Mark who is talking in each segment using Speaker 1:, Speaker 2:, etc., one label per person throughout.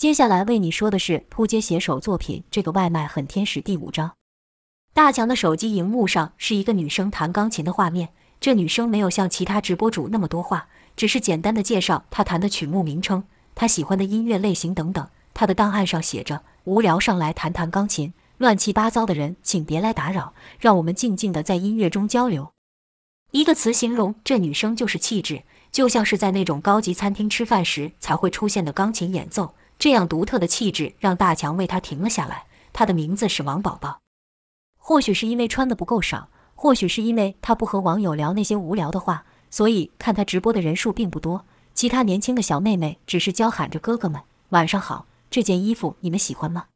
Speaker 1: 接下來為你說的是撲街寫手作品《這個外賣很天使》第五章。大強的手機熒幕上是一個女生彈鋼琴的畫面。這女生沒有像其他直播主那麼多話，只是簡單的介紹她彈的曲目名稱、她喜歡的音樂類型等等。她的檔案上寫着：“無聊上來彈彈鋼琴，亂七八糟的人請別來打擾，讓我們靜靜的在音樂中交流。”一個詞形容這女生就是氣質，就像是在那種高級餐廳吃飯時才會出現的鋼琴演奏。這樣獨特的氣質讓大強為他停了下來。他的名字是王寶寶，或許是因為穿得不夠少，或許是因為他不和網友聊那些無聊的話，所以看他直播的人數並不多。其他年輕的小妹妹只是叫喊着：“哥哥們，晚上好！這件衣服你們喜歡嗎？”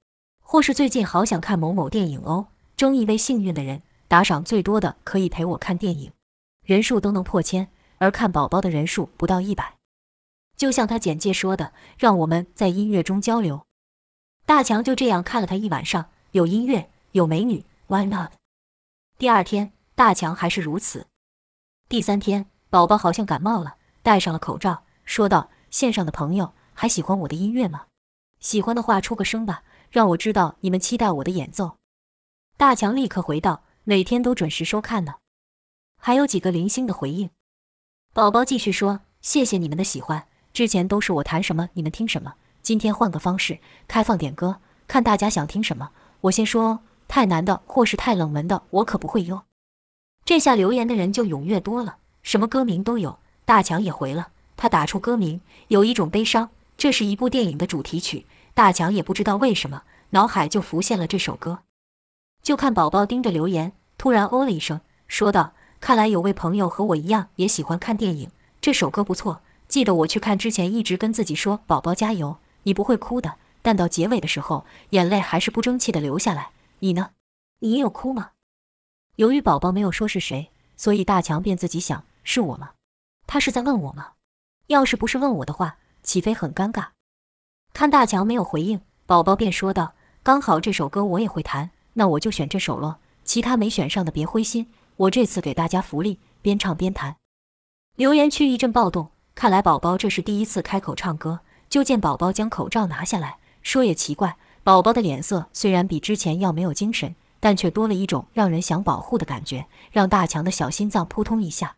Speaker 1: 或是最近好想看某某電影哦。爭一位幸運的人，打賞最多的可以陪我看電影，人數都能破千，而看寶寶的人數不到一百。就像他簡介說的，讓我們在音樂中交流。大強就這樣看了他一晚上，有音樂，有美女，Why not？第二天，大強還是如此。第三天，寶寶好像感冒了，戴上了口罩，說道：“線上的朋友還喜歡我的音樂嗎？喜歡的話出個聲吧，讓我知道你們期待我的演奏。”大強立刻回道：“每天都準時收看呢。”還有幾個零星的回應。寶寶繼續說：“謝謝你們的喜歡。”之前都是我彈什麼你們聽什麼，今天換個方式，開放點歌，看大家想聽什麼。我先說，太難的或是太冷門的，我可不會喲。這下留言的人就踴躍多了，什麼歌名都有。大強也回了，他打出歌名，有一種悲傷，這是一部電影的主題曲。大強也不知道為什麼，腦海就浮現了這首歌。就看寶寶盯着留言，突然哦了一聲，說道：“看來有位朋友和我一樣也喜歡看電影，這首歌不錯。”記得我去看之前，一直跟自己說：“寶寶加油，你不會哭的。”但到結尾的時候，眼淚還是不爭氣地流下來。你呢？你有哭嗎？由於寶寶沒有說是誰，所以大強便自己想：“是我嗎？他是在問我嗎？要是不是問我的話，豈非很尷尬？”看大強沒有回應，寶寶便說道：“剛好這首歌我也會彈，那我就選這首了。其他沒選上的別灰心，我這次給大家福利，邊唱邊彈。”留言區一陣暴動。看來寶寶這是第一次開口唱歌，就見寶寶將口罩拿下來，說也奇怪，寶寶的臉色雖然比之前要沒有精神，但卻多了一種讓人想保護的感覺，讓大強的小心臟撲通一下。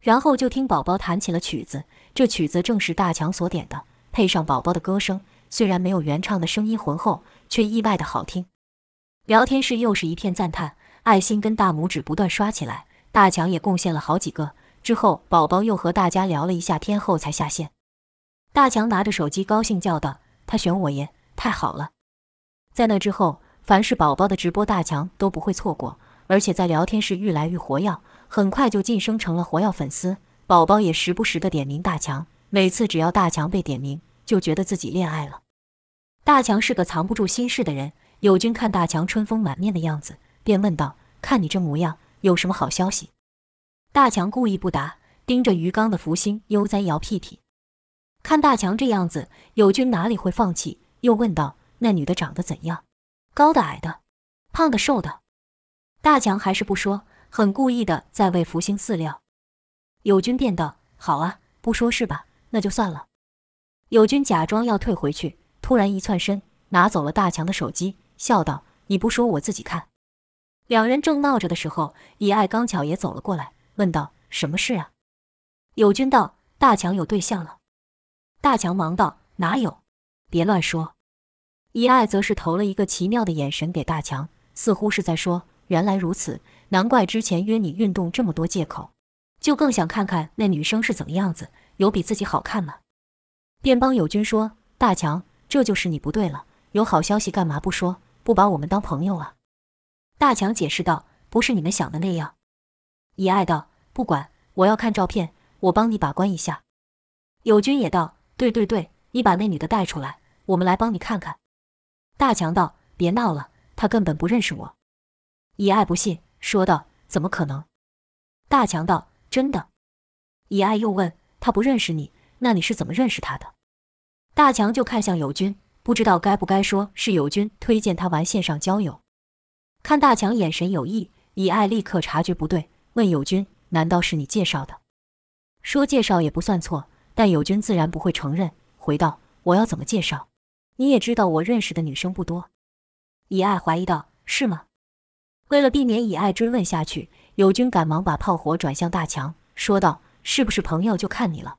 Speaker 1: 然後就聽寶寶彈起了曲子，這曲子正是大強所點的，配上寶寶的歌聲，雖然沒有原唱的聲音渾厚，卻意外的好聽。聊天室又是一片讚嘆，愛心跟大拇指不斷刷起來，大強也貢獻了好幾個。之後，寶寶又和大家聊了一下天後才下線。大強拿着手機高興叫道：“他選我耶，太好了！”在那之後，凡是寶寶的直播，大強都不會錯過，而且在聊天室愈來愈活躍，很快就晉升成了活躍粉絲。寶寶也時不時地點名大強，每次只要大強被點名，就覺得自己戀愛了。大強是個藏不住心事的人，友軍看大強春風滿面的樣子，便問道：“看你這模樣，有什麼好消息？”大強故意不答，盯着魚缸的福星悠哉搖屁屁。看大強這樣子，友軍哪裡會放棄？又問道：“那女的長得怎樣？高的、矮的，胖的、瘦的？”大強還是不說，很故意的在餵福星飼料。友軍便道：“好啊，不說是吧？那就算了。”友軍假裝要退回去，突然一竄身，拿走了大強的手機，笑道：“你不說，我自己看。”兩人正鬧着的時候，以愛剛巧也走了過來。問道：“什麼事啊？”友軍道：“大強有對象了。”大強忙道：“哪有？別亂說。”伊愛則是投了一個奇妙的眼神給大強，似乎是在說：“原來如此，難怪，之前約你運動這麼多借口。”就更想看看那女生是怎麼樣子，有比自己好看嗎？便幫友軍說：“大強，這就是你不對了。有好消息幹嘛不說？不把我們當朋友啊？”大強解釋道：“不是你們想的那樣。”伊愛道。不管，我要看照片，我幫你把關一下。友軍也道：“對對對，你把那女的帶出來，我們來幫你看看。”大強道：“別鬧了，她根本不認識我。”以愛不信，說道：“怎麼可能？”大強道：“真的。”以愛又問：“她不認識你，那你是怎麼認識她的？”大強就看向友軍，不知道該不該說是友軍推薦他玩線上交友。看大強眼神有異，以愛立刻察覺不對，問友軍。難道是你介紹的？說介紹也不算錯，但友軍自然不會承認，回道：“我要怎麼介紹？你也知道我認識的女生不多。”以愛懷疑道：“是嗎？”為了避免以愛追問下去，友軍趕忙把炮火轉向大強，說道：“是不是朋友就看你了？”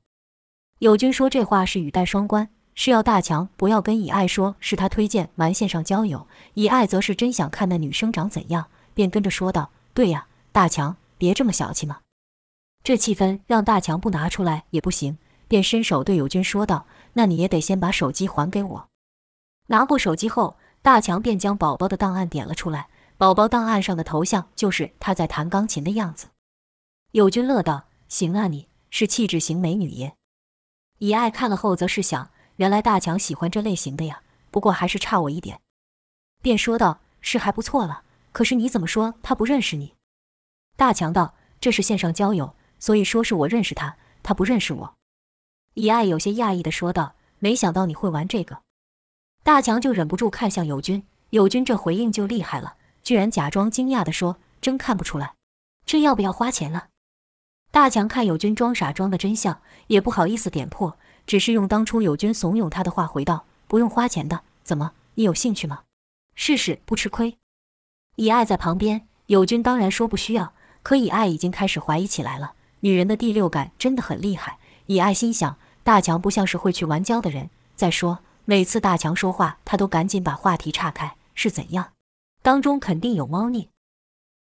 Speaker 1: 友軍說這話是語帶雙關，是要大強不要跟以愛說是他推薦，瞞線上交友。以愛則是真想看那女生長怎樣，便跟着說道：“對呀、啊，大強。”別這麼小氣嘛！這氣氛讓大強不拿出來也不行，便伸手對友軍說道：“那你也得先把手機還給我。”拿過手機後，大強便將寶寶的檔案點了出來。寶寶檔案上的頭像就是他在彈鋼琴的樣子。友軍樂道：“行啊你，你是氣質型美女耶！”以愛看了後則是想：原來大強喜歡這類型的呀。不過還是差我一點，便說道：“是還不錯了，可是你怎麼說他不認識你？”大強道：“這是線上交友，所以說是我認識他，他不認識我。”以愛有些訝異的說道：“沒想到你會玩這個。”大強就忍不住看向友軍，友軍這回應就厲害了，居然假裝驚訝的說：“真看不出來，這要不要花錢了？”大強看友軍裝傻裝的真像，也不好意思點破，只是用當初友軍慫恿他的話回道：“不用花錢的，怎麼你有興趣嗎？試試不吃虧。”以愛在旁邊，友軍當然說不需要。可以愛已經開始懷疑起來了，女人的第六感真的很厲害。以愛心想，大強不像是會去玩交的人。再說，每次大強說話，他都趕緊把話題岔開，是怎樣？當中肯定有貓膩。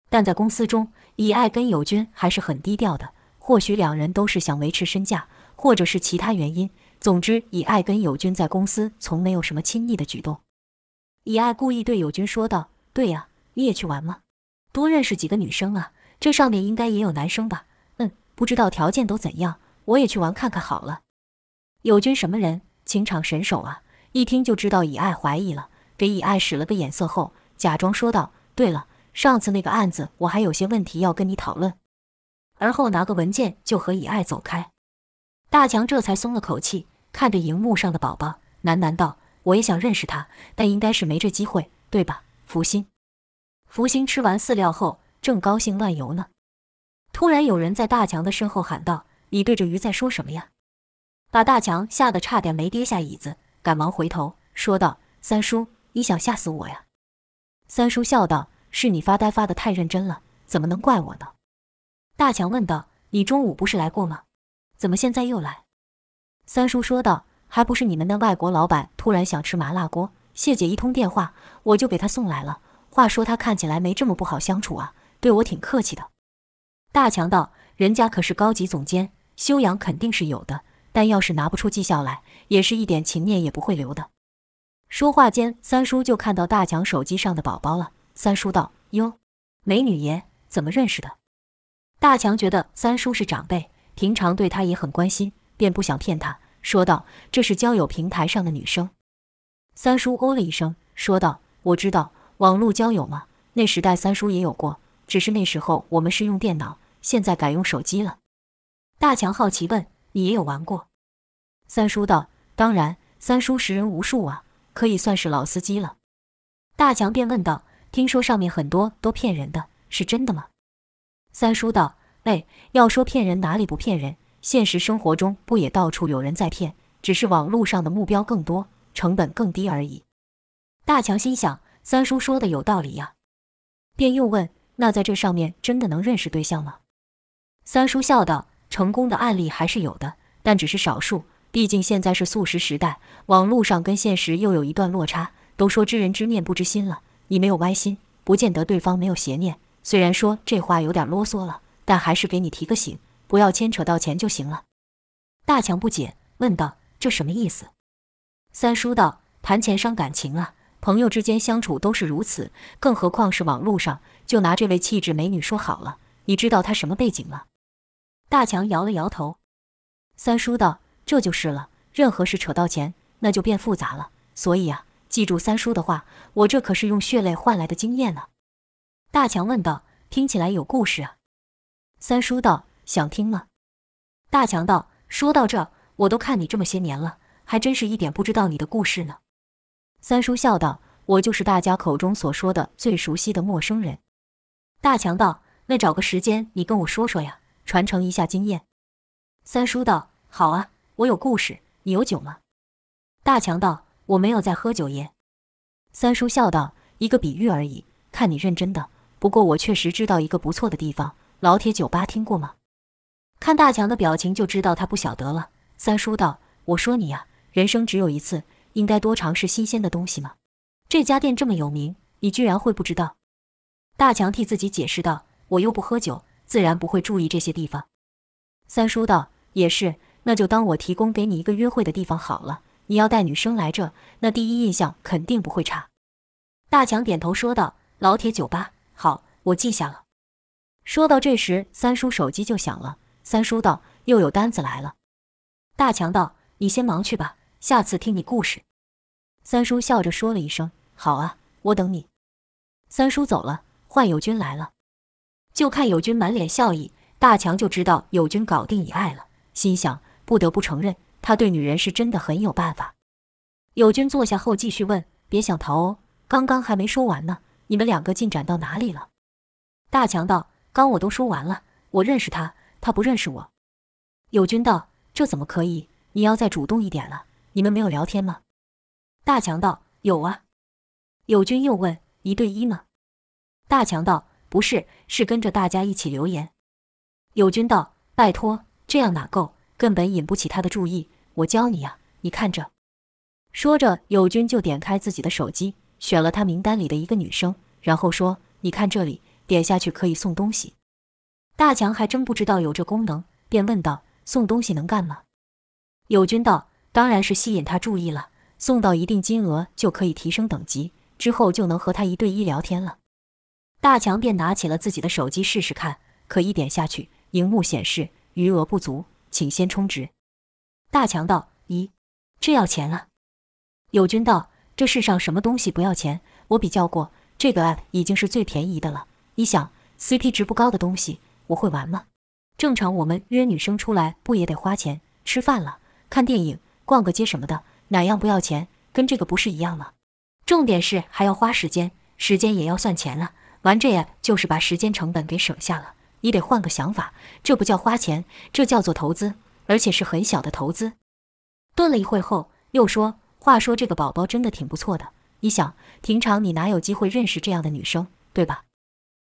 Speaker 1: 但在公司中，以愛跟友軍還是很低調的。或許兩人都是想維持身價，或者是其他原因。總之，以愛跟友軍在公司從沒有什麼親密的舉動。以愛故意對友軍說道：“對呀，你也去玩嗎？多認識幾個女生啊。”這上面應該也有男生吧？嗯，不知道條件都怎樣，我也去玩看看好了。友軍什麼人？情場神手啊！一聽就知道以愛懷疑了，給以愛使了個眼色後，假裝說道：“對了，上次那個案子，我還有些問題要跟你討論。”而後拿個文件就和以愛走開。大強這才鬆了口氣，看着熒幕上的寶寶，喃喃道：“我也想認識他，但應該是沒這機會，對吧？”福星、福星吃完飼料後。正高興亂游呢，突然有人在大強的身後喊道：“你對着魚在說什麼呀？”把大強嚇得差點沒跌下椅子，趕忙回頭說道：“三叔，你想嚇死我呀？”三叔笑道：“是你發呆發得太認真了，怎麼能怪我呢？”大強問道：“你中午不是來過嗎？怎麼現在又來？”三叔說道：“還不是你們的外國老闆突然想吃麻辣鍋，謝姐一通電話，我就給他送來了。話說他看起來沒這麼不好相處啊。”對我挺客氣的。」大強道：“人家可是高級總監，修養肯定是有的。但要是拿不出績效來，也是一點情面也不會留的。”說話間，三叔就看到大強手機上的寶寶了。三叔道：“喲，美女爺，怎麼認識的？”大強覺得三叔是長輩，平常對他也很關心，便不想騙他，說道：“這是交友平台上的女生。”三叔哦了一聲，說道：“我知道，網絡交友嘛，那時代三叔也有過。”只是那時候我們是用電腦，現在改用手機了。大強好奇問：“你也有玩過？”三叔道：“當然，三叔識人無數啊，可以算是老司機了。”大強便問道：“聽說上面很多都騙人的，是真的嗎？”三叔道：“哎，要說騙人哪裡不騙人？現實生活中不也到處有人在騙，只是網絡上的目標更多，成本更低而已。”大強心想：“三叔說的有道理呀。”便又問。那在這上面真的能認識對象嗎？三叔笑道：“成功的案例還是有的，但只是少數。畢竟現在是速食時代，網絡上跟現實又有一段落差。都說知人知面不知心了，你沒有歪心，不見得對方沒有邪念。雖然說這話有點囉嗦了，但還是給你提個醒，不要牽扯到錢就行了。”大強不解問道：“這什麼意思？”三叔道：“談錢傷感情啊。”朋友之間相處都是如此，更何況是網絡上，就拿這位氣質美女說好了，你知道她什麼背景嗎？大強搖了搖頭。三叔道：“這就是了，任何事扯到錢，那就變複雜了。所以啊，記住三叔的話，我這可是用血淚換來的經驗呢。”大強問道：“聽起來有故事啊？”三叔道：“想聽嗎。”大強道：“說到這，我都看你這麼些年了，還真是一點不知道你的故事呢。”三叔笑道：“我就是大家口中所說的最熟悉的陌生人。”大強道：“那找個時間，你跟我說說呀，傳承一下經驗。”三叔道：“好啊，我有故事，你有酒嗎？”大強道：“我沒有在喝酒耶。”三叔笑道：“一個比喻而已，看你認真的。不過我確實知道一個不錯的地方，老鐵酒吧，聽過嗎？”看大強的表情就知道他不曉得了。三叔道：“我說你呀、啊，人生只有一次。”應該多嘗試新鮮的東西嗎？這家店這麼有名，你居然會不知道？大強替自己解釋道：“我又不喝酒，自然不會注意這些地方。”三叔道：“也是，那就當我提供給你一個約會的地方好了。你要帶女生來這，那第一印象肯定不會差。”大強點頭說道：“老鐵酒吧，好，我記下了。”說到這時，三叔手機就響了。三叔道：“又有單子來了。”大強道：“你先忙去吧。”下次聽你故事，三叔笑着說了一聲：“好啊，我等你。”三叔走了，換友軍來了。就看友軍滿臉笑意，大強就知道友軍搞定以愛了，心想不得不承認，他對女人是真的很有辦法。友軍坐下後繼續問：“別想逃哦，剛剛還沒說完呢。你們兩個進展到哪裡了？”大強道：“剛我都說完了，我認識他，他不認識我。”友軍道：“這怎麼可以？你要再主動一點了。”你們沒有聊天嗎？大強道：“有啊。”友軍又問：“一對一嗎？”大強道：“不是，是跟着大家一起留言。”友軍道：“拜託，這樣哪夠？根本引不起他的注意。我教你呀，你看着。”說着，友軍就點開自己的手機，選了他名單裡的一個女生，然後說：“你看這裡，點下去可以送東西。”大強還真不知道有這功能，便問道：“送東西能幹嗎？”友軍道。當然是吸引他注意了。送到一定金額就可以提升等級，之後就能和他一對一聊天了。大強便拿起了自己的手機試試看，可一點下去，熒幕顯示餘額不足，請先充值。大強道：“咦，這要錢了？”友軍道：“這世上什麼東西不要錢？我比較過，這個 app 已經是最便宜的了。你想，CP 值不高的東西，我會玩嗎？正常我們約女生出來，不也得花錢吃飯了、看電影？”逛個街什麼的，哪樣不要錢？跟這個不是一樣嗎？重點是還要花時間，時間也要算錢了。玩這樣就是把時間成本給省下了。你得換個想法，這不叫花錢，這叫做投資，而且是很小的投資。頓了一會後，又說：“話說這個寶寶真的挺不錯的。你想，平常你哪有機會認識這樣的女生，對吧？”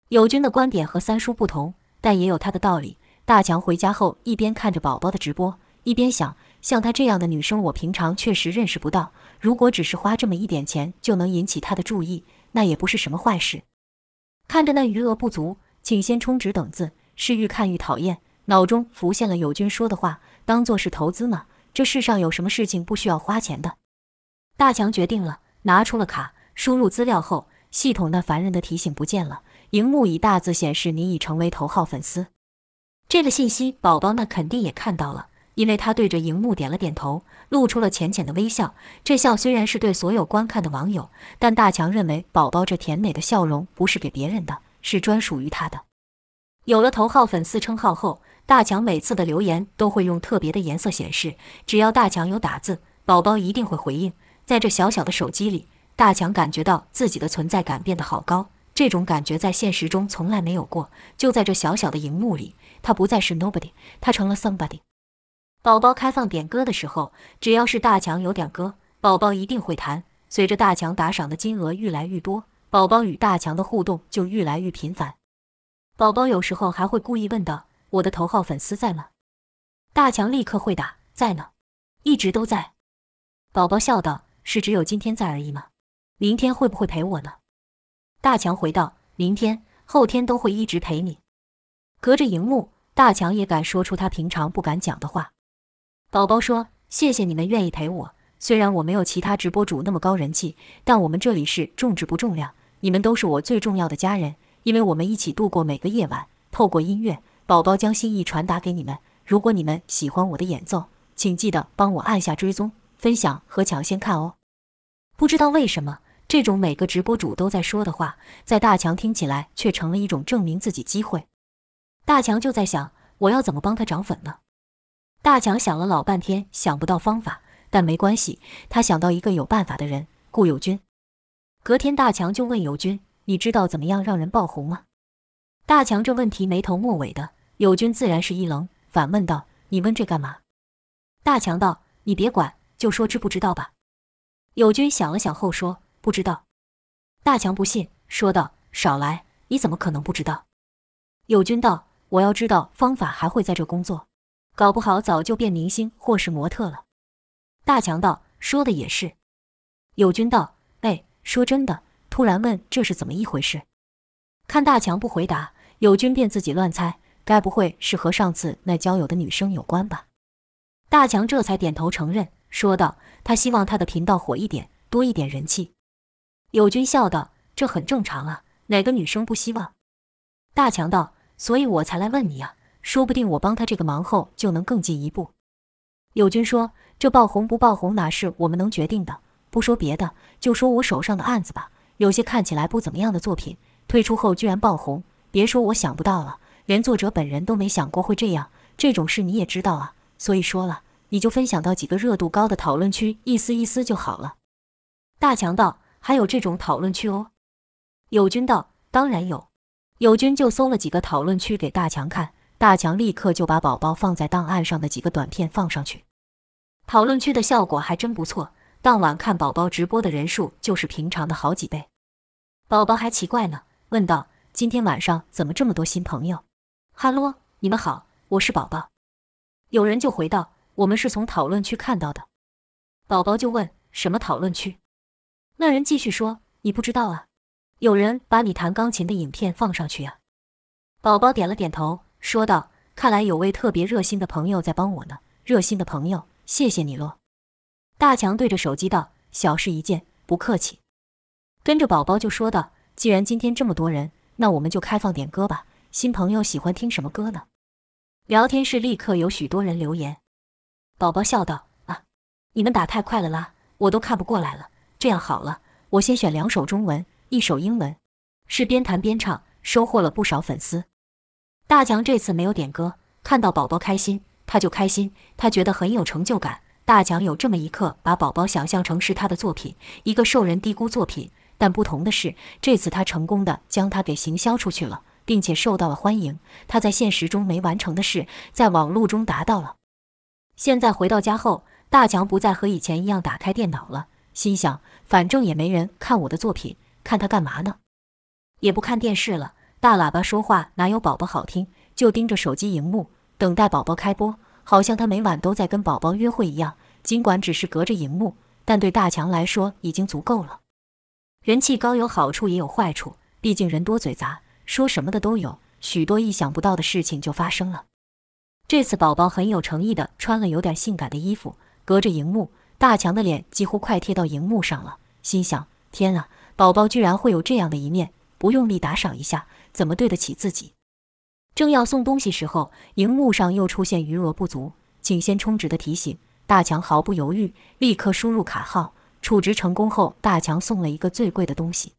Speaker 1: 友軍的觀點和三叔不同，但也有他的道理。大強回家後，一邊看着寶寶的直播。一邊想，像她這樣的女生，我平常確實認識不到。如果只是花這麼一點錢就能引起她的注意，那也不是什麼壞事。看着那餘額不足，請先充值等字，是愈看愈討厭。腦中浮現了友軍說的話：“當做是投資呢？這世上有什麼事情不需要花錢的？”大強決定了，拿出了卡，輸入資料後，系統那煩人的提醒不見了，熒幕以大字顯示：“你已成為頭號粉絲。”這個信息，寶寶那肯定也看到了。因為他對着熒幕點了點頭，露出了淺淺的微笑。這笑雖然是對所有觀看的網友，但大強認為寶寶這甜美的笑容不是給別人的，是專屬於他的。有了頭號粉絲稱號後，大強每次的留言都會用特別的顏色顯示。只要大強有打字，寶寶一定會回應。在這小小的手機裡，大強感覺到自己的存在感變得好高，這種感覺在現實中從來沒有過。就在這小小的熒幕裡，他不再是 nobody，他成了 somebody。寶寶開放點歌的時候，只要是大強有點歌，寶寶一定會彈。隨着大強打賞的金額越來越多，寶寶與大強的互動就越來越頻繁。寶寶有時候還會故意問道：“我的頭號粉絲在嗎？”大強立刻會答：“在呢，一直都在。”寶寶笑道：“是只有今天在而已嗎？明天會不會陪我呢？”大強回道：“明天、後天都會一直陪你。”隔着熒幕，大強也敢說出他平常不敢講的話。寶寶說：“謝謝你們願意陪我，雖然我沒有其他直播主那麼高人氣，但我們這裡是重質不重量，你們都是我最重要的家人，因為我們一起度過每個夜晚。透過音樂，寶寶將心意傳達給你們。如果你們喜歡我的演奏，請記得幫我按下追蹤、分享和搶先看哦。”不知道為什麼，這種每個直播主都在說的話，在大強聽起來卻成了一種證明自己機會。大強就在想：我要怎麼幫他漲粉呢？大強想了老半天，想不到方法，但沒關係，他想到一個有辦法的人——顧友軍。隔天，大強就問友軍：“你知道怎麼樣讓人爆紅嗎？”大強這問題沒頭沒尾的，友軍自然是一愣，反問道：“你問這幹嘛？”大強道：“你別管，就說知不知道吧。”友軍想了想後說：“不知道。”大強不信，說道：“少來，你怎麼可能不知道？”友軍道：“我要知道方法，還會在這工作。”搞不好早就變明星或是模特了。大強道：“說的也是。”友軍道：“哎，說真的，突然問這是怎麼一回事？”看大強不回答，友軍便自己亂猜：“該不會是和上次那交友的女生有關吧？”大強這才點頭承認，說道：“他希望他的頻道火一點，多一點人氣。”友軍笑道：“這很正常啊，哪個女生不希望？”大強道：“所以我才來問你啊。”說不定我幫他這個忙後，就能更進一步。友軍說：“這爆紅不爆紅，哪是我們能決定的？不說別的，就說我手上的案子吧，有些看起來不怎麼樣的作品，推出後居然爆紅。別說我想不到了，連作者本人都沒想過會這樣。這種事你也知道啊，所以說了，你就分享到幾個熱度高的討論區，意思意思就好了。”大強道：“還有這種討論區哦？”友軍道：“當然有。”友軍就搜了幾個討論區給大強看。大強立刻就把寶寶放在檔案上的幾個短片放上去。討論區的效果還真不錯，當晚看寶寶直播的人數就是平常的好幾倍。寶寶還奇怪呢，問道：“今天晚上怎麼這麼多新朋友？”“哈嘍，你們好，我是寶寶。”有人就回道：“我們是從討論區看到的。”寶寶就問：“什麼討論區？”那人繼續說：“你不知道啊，有人把你彈鋼琴的影片放上去啊。”寶寶點了點頭。說道：“看來有位特別熱心的朋友在幫我呢，熱心的朋友，謝謝你嘍。”大強對着手機道：“小事一件，不客氣。”跟着寶寶就說道：“既然今天這麼多人，那我們就開放點歌吧。新朋友喜歡聽什麼歌呢？”聊天室立刻有許多人留言。寶寶笑道：“啊，你們打太快了啦，我都看不過來了。這樣好了，我先選兩首中文，一首英文。”是邊彈邊唱，收穫了不少粉絲。”大強這次沒有點歌，看到寶寶開心，他就開心，他覺得很有成就感。大強有這麼一刻，把寶寶想象成是他的作品，一個受人低估作品。但不同的是，這次他成功的將他給行銷出去了，並且受到了歡迎。他在現實中沒完成的事，在網路中達到了。現在回到家後，大強不再和以前一樣打開電腦了，心想反正也沒人看我的作品，看他幹嘛呢？也不看電視了。大喇叭說話哪有寶寶好聽？就盯着手機熒幕，等待寶寶開播，好像他每晚都在跟寶寶約會一樣。儘管只是隔着熒幕，但對大強來說已經足夠了。人氣高有好處也有壞處，畢竟人多嘴雜，說什麼的都有，許多意想不到的事情就發生了。這次寶寶很有誠意地穿了有點性感的衣服，隔着熒幕，大強的臉幾乎快貼到熒幕上了，心想：天啊，寶寶居然會有這樣的一面！不用力打賞一下，怎麼對得起自己？正要送東西時候，熒幕上又出現餘額不足，請先充值的提醒。大強毫不猶豫，立刻輸入卡號，充值成功後，大強送了一個最貴的東西。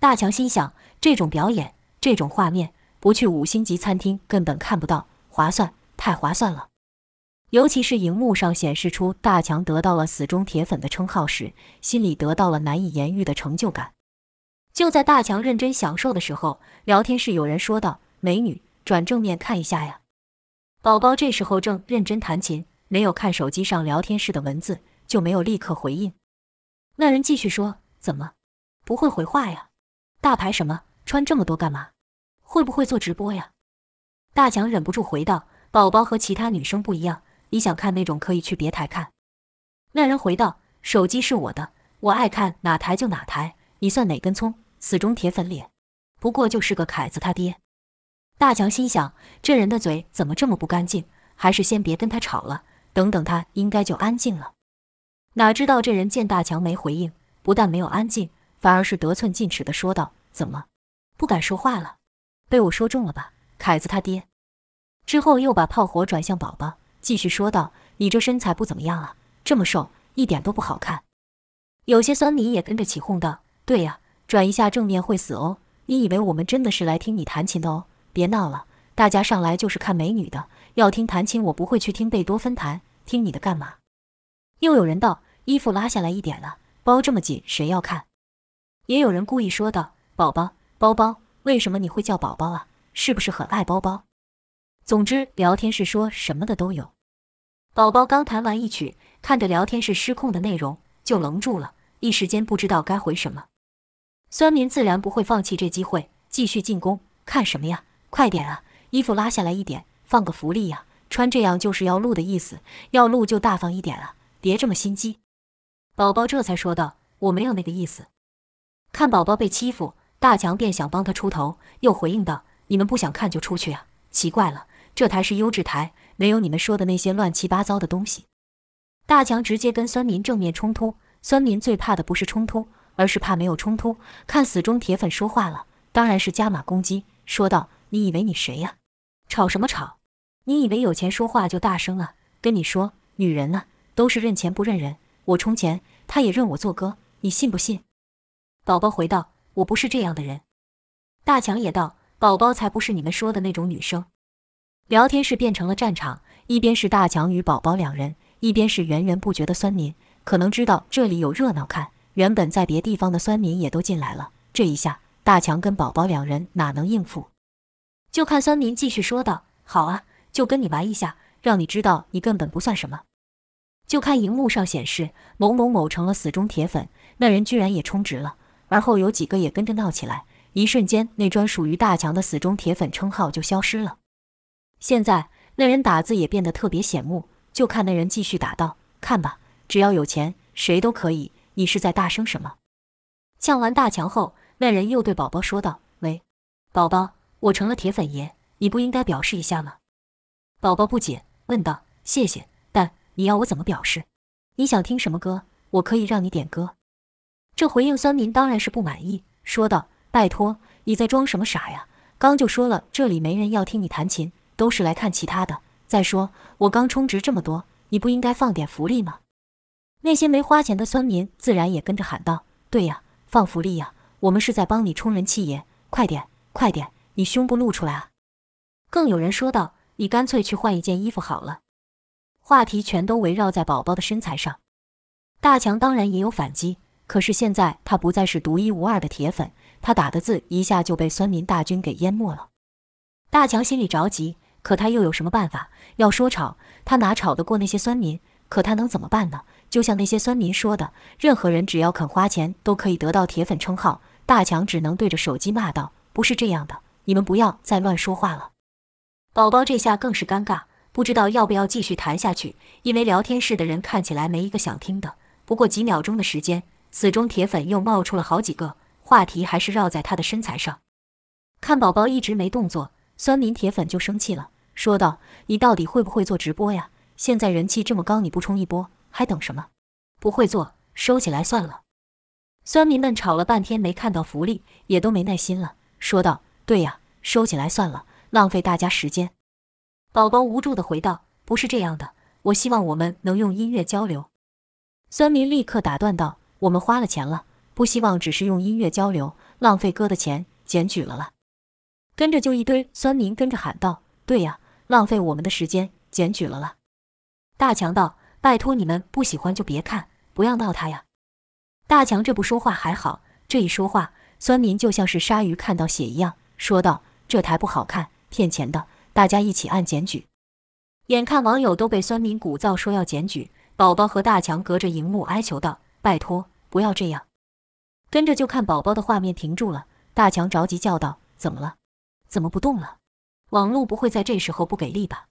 Speaker 1: 大強心想：這種表演，這種畫面，不去五星級餐廳根本看不到，划算，太划算了。尤其是熒幕上顯示出大強得到了“死忠鐵粉”的稱號時，心裡得到了難以言喻的成就感。就在大強認真享受的時候，聊天室有人說道：“美女，轉正面看一下呀。”寶寶這時候正認真彈琴，沒有看手機上聊天室的文字，就沒有立刻回應。那人繼續說：“怎麼不會回話呀？大牌什麼？穿這麼多幹嘛？會不會做直播呀？”大強忍不住回道：“寶寶和其他女生不一樣，你想看那種，可以去別台看。”那人回道：“手機是我的，我愛看哪台就哪台，你算哪根蔥？”死忠鐵粉臉，不過就是個凱子他爹。大強心想：這人的嘴怎麼這麼不乾淨？還是先別跟他吵了。等等，他應該就安靜了。哪知道這人見大強沒回應，不但沒有安靜，反而是得寸進尺地說道：“怎麼不敢說話了？被我說中了吧，凱子他爹。”之後又把炮火轉向寶寶，繼續說道：“你這身材不怎麼樣啊，這麼瘦，一點都不好看。”有些酸民也跟着起鬨道：“對呀、啊。”轉一下正面會死哦！你以為我們真的是來聽你彈琴的哦？別鬧了，大家上來就是看美女的，要聽彈琴我不會去聽貝多芬彈，聽你的幹嘛？又有人道，衣服拉下來一點了，包這麼緊誰要看？也有人故意說道：“寶寶，包包，為什麼你會叫寶寶啊？是不是很愛包包？”總之，聊天室說什麼的都有。寶寶剛彈完一曲，看着聊天室失控的內容就愣住了，一時間不知道該回什麼。酸民自然不會放棄這機會，繼續進攻。看什麼呀？快點啊！衣服拉下來一點，放個福利呀、啊！穿這樣就是要露的意思，要露就大方一點啊，別這麼心機。寶寶這才說道：“我沒有那個意思。”看寶寶被欺負，大強便想幫他出頭，又回應道：“你們不想看就出去啊！”奇怪了，這台是優質台，沒有你們說的那些亂七八糟的東西。大強直接跟酸民正面衝突，酸民最怕的不是衝突。而是怕沒有衝突，看死忠鐵粉說話了，當然是加碼攻擊，說道：“你以為你誰呀、啊？吵什麼吵？你以為有錢說話就大聲了？跟你說，女人呢、啊，都是認錢不認人。我充錢，她也認我做哥，你信不信？”寶寶回道：“我不是這樣的人。”大強也道：“寶寶才不是你們說的那種女生。”聊天室變成了戰場，一邊是大強與寶寶兩人，一邊是源源不絕的酸民，可能知道這裡有熱鬧看。原本在別地方的酸民也都進來了，這一下大強跟寶寶兩人哪能應付？就看酸民繼續說道：“好啊，就跟你玩一下，讓你知道你根本不算什麼。”就看熒幕上顯示“某某某”成了死忠鐵粉，那人居然也充值了，而後有幾個也跟着鬧起來。一瞬間，那專屬於大強的死忠鐵粉稱號就消失了。現在那人打字也變得特別顯目，就看那人繼續打道：“看吧，只要有錢，誰都可以。”你是在大聲什麼？嗆完大牆後，那人又對寶寶說道：“喂，寶寶，我成了鐵粉爺，你不應該表示一下嗎？”寶寶不解，問道：“謝謝，但你要我怎麼表示？你想聽什麼歌？我可以讓你點歌。”這回應酸民當然是不滿意，說道：“拜托，你在裝什麼傻呀？剛就說了，這裡沒人要聽你彈琴，都是來看其他的。再說，我剛充值這麼多，你不應該放點福利嗎？”那些沒花錢的酸民自然也跟着喊道：“對呀，放福利呀！我們是在幫你充人氣耶！快點，快點，你胸部露出來啊！”更有人說道：“你乾脆去換一件衣服好了。”話題全都圍繞在寶寶的身材上。大強當然也有反擊，可是現在他不再是獨一無二的鐵粉，他打的字一下就被酸民大軍給淹沒了。大強心裡着急，可他又有什麼辦法？要說吵，他哪吵得過那些酸民？可他能怎麼辦呢？就像那些酸民說的，任何人只要肯花錢，都可以得到鐵粉稱號。大強只能對着手機罵道：“不是這樣的，你們不要再亂說話了。”寶寶這下更是尷尬，不知道要不要繼續談下去，因為聊天室的人看起來沒一個想聽的。不過幾秒鐘的時間，死忠鐵粉又冒出了好幾個，話題還是繞在他的身材上。看寶寶一直沒動作，酸民鐵粉就生氣了，說道：“你到底會不會做直播呀？現在人氣這麼高，你不衝一波？”還等什麼？不會做，收起來算了。酸民們吵了半天，沒看到福利，也都沒耐心了，說道：“對呀，收起來算了，浪費大家時間。”寶寶無助地回道：“不是這樣的，我希望我們能用音樂交流。”酸民立刻打斷道：“我們花了錢了，不希望只是用音樂交流，浪費哥的錢，檢舉了了。”跟著就一堆酸民跟着喊道：“對呀，浪費我們的時間，檢舉了了。”大強道。拜託你們不喜歡就別看，不要鬧他呀！大強這不說話還好，這一說話，酸民就像是鯊魚看到血一樣，說道：“這台不好看，騙錢的，大家一起按檢舉！”眼看網友都被酸民鼓噪說要檢舉，寶寶和大強隔着熒幕哀求道：“拜託，不要這樣！”跟着就看寶寶的畫面停住了，大強着急叫道：“怎麼了？怎麼不動了？網絡不會在這時候不給力吧？”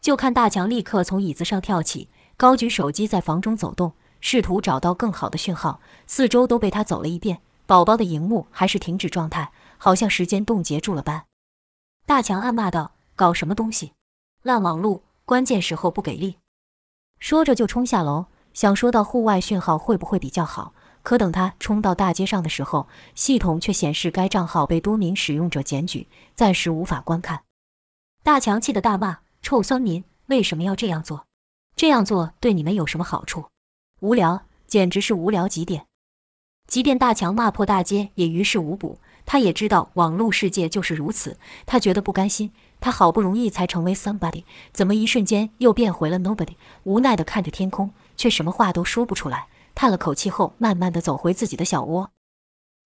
Speaker 1: 就看大強立刻從椅子上跳起。高舉手機在房中走動，試圖找到更好的訊號。四周都被他走了一遍，寶寶的熒幕還是停止狀態，好像時間凍結住了般。大強暗罵道：“搞什麼東西，爛網路，關鍵時候不給力。”說着就衝下樓，想說到戶外訊號會不會比較好。可等他衝到大街上的時候，系統卻顯示該賬號被多名使用者檢舉，暫時無法觀看。大強氣得大罵：“臭酸民，為什麼要這樣做？”這樣做對你們有什麼好處？無聊，簡直是無聊極點。即便大強罵破大街也於事無補。他也知道網絡世界就是如此。他覺得不甘心，他好不容易才成為 somebody，怎麼一瞬間又變回了 nobody？無奈地看着天空，卻什麼話都說不出來，嘆了口氣後，慢慢地走回自己的小窩。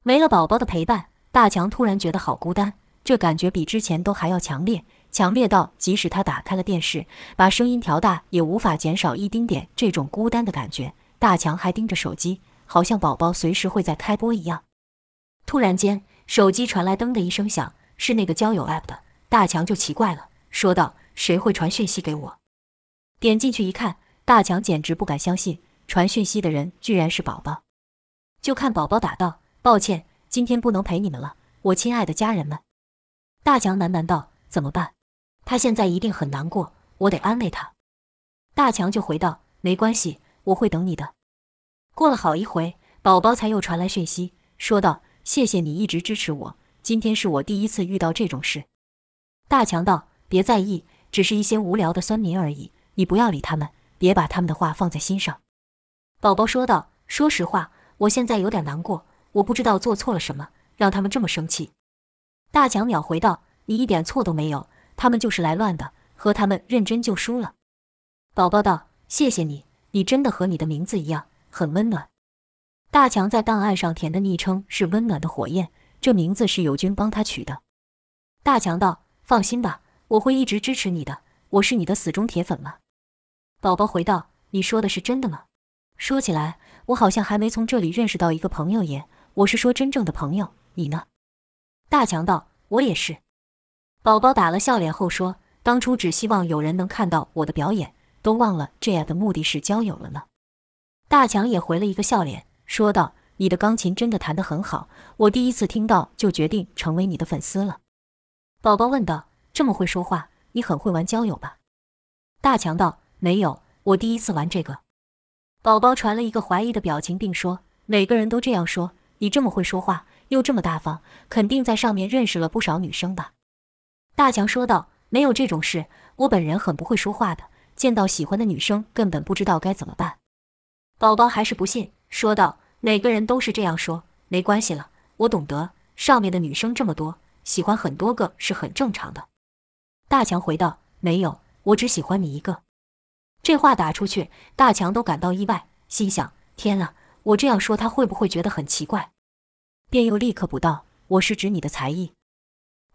Speaker 1: 沒了寶寶的陪伴，大強突然覺得好孤單，這感覺比之前都還要強烈。強烈到即使他打開了電視，把聲音調大，也無法減少一丁點這種孤單的感覺。大強還盯着手機，好像寶寶隨時會在開播一樣。突然間，手機傳來“噔”的一聲響，是那個交友 app 的。大強就奇怪了，說道：“誰會傳訊息給我？”點進去一看，大強簡直不敢相信，傳訊息的人居然是寶寶。就看寶寶打道：“抱歉，今天不能陪你們了，我親愛的家人們。”大強喃喃道：“怎麼辦？”他現在一定很難過，我得安慰他。大強就回道：“沒關係，我會等你的。”過了好一會，寶寶才又傳來訊息，說道：“謝謝你一直支持我。今天是我第一次遇到這種事。”大強道：“別在意，只是一些無聊的酸民而已，你不要理他們，別把他們的話放在心上。”寶寶說道：“說實話，我現在有點難過，我不知道做錯了什麼，讓他們這麼生氣。”大強秒回道：“你一點錯都沒有。”他們就是來亂的，和他們認真就輸了。寶寶道：“謝謝你，你真的和你的名字一樣很溫暖。”大強在檔案上填的昵稱是“溫暖的火焰”，這名字是友軍幫他取的。大強道：“放心吧，我會一直支持你的，我是你的死忠鐵粉嗎？”寶寶回道：“你說的是真的嗎？說起來，我好像還沒從這裡認識到一個朋友耶，我是說真正的朋友，你呢？”大強道：“我也是。”寶寶打了笑臉後說：“當初只希望有人能看到我的表演，都忘了這樣的目的是交友了呢。”大強也回了一個笑臉，說道：“你的鋼琴真的彈得很好，我第一次聽到就決定成為你的粉絲了。”寶寶問道：“這麼會說話，你很會玩交友吧？”大強道：“沒有，我第一次玩這個。”寶寶傳了一個懷疑的表情，並說：“每個人都這樣說，你這麼會說話，又這麼大方，肯定在上面認識了不少女生吧？”大強說道：“沒有這種事，我本人很不會說話的，見到喜歡的女生根本不知道該怎麼辦。”寶寶還是不信，說道：“每個人都是這樣說，沒關係了，我懂得。上面的女生這麼多，喜歡很多個是很正常的。”大強回道：“沒有，我只喜歡你一個。”這話打出去，大強都感到意外，心想：“天啊，我這樣說他會不會覺得很奇怪？”便又立刻補道：“我是指你的才藝。”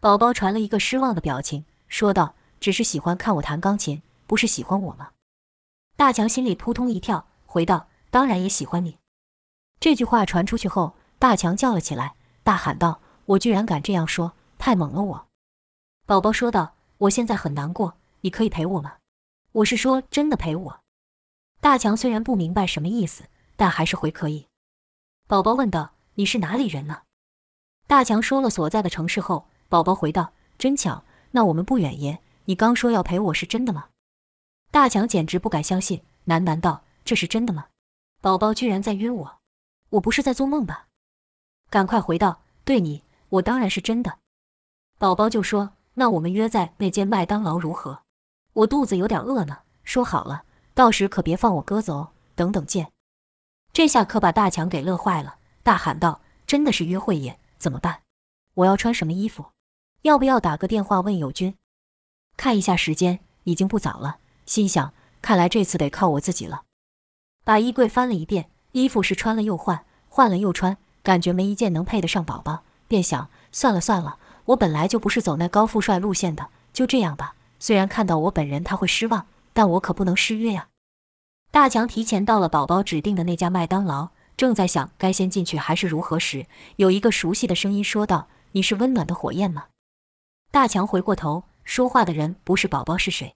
Speaker 1: 寶寶傳了一個失望的表情，說道：“只是喜歡看我彈鋼琴，不是喜歡我嗎？”大強心裡撲通一跳，回道：“當然也喜歡你。”這句話傳出去後，大強叫了起來，大喊道：“我居然敢這樣說，太猛了我！”寶寶說道：“我現在很難過，你可以陪我嗎？我是說真的陪我。”大強雖然不明白什麼意思，但還是回可以。寶寶問道：“你是哪裡人呢？”大強說了所在的城市後。寶寶回道：“真巧，那我們不遠耶。你剛說要陪我是真的嗎？”大強簡直不敢相信，喃喃道：“這是真的嗎？寶寶居然在約我，我不是在做夢吧？”趕快回道：“對你，我當然是真的。”寶寶就說：“那我們約在那間麥當勞如何？我肚子有點餓呢。說好了，到時可別放我鴿子哦。等等見。”這下可把大強給樂壞了，大喊道：“真的是約會耶！怎麼辦？我要穿什麼衣服？”要不要打個電話問友軍？看一下時間，已經不早了。心想，看來這次得靠我自己了。把衣櫃翻了一遍，衣服是穿了又換，換了又穿，感覺沒一件能配得上寶寶。便想，算了算了，我本來就不是走那高富帥路線的，就這樣吧。雖然看到我本人他會失望，但我可不能失約呀。大強提前到了寶寶指定的那家麥當勞，正在想該先進去還是如何時，有一個熟悉的聲音說道：“你是溫暖的火焰嗎？”大強回過頭，說話的人不是寶寶是誰？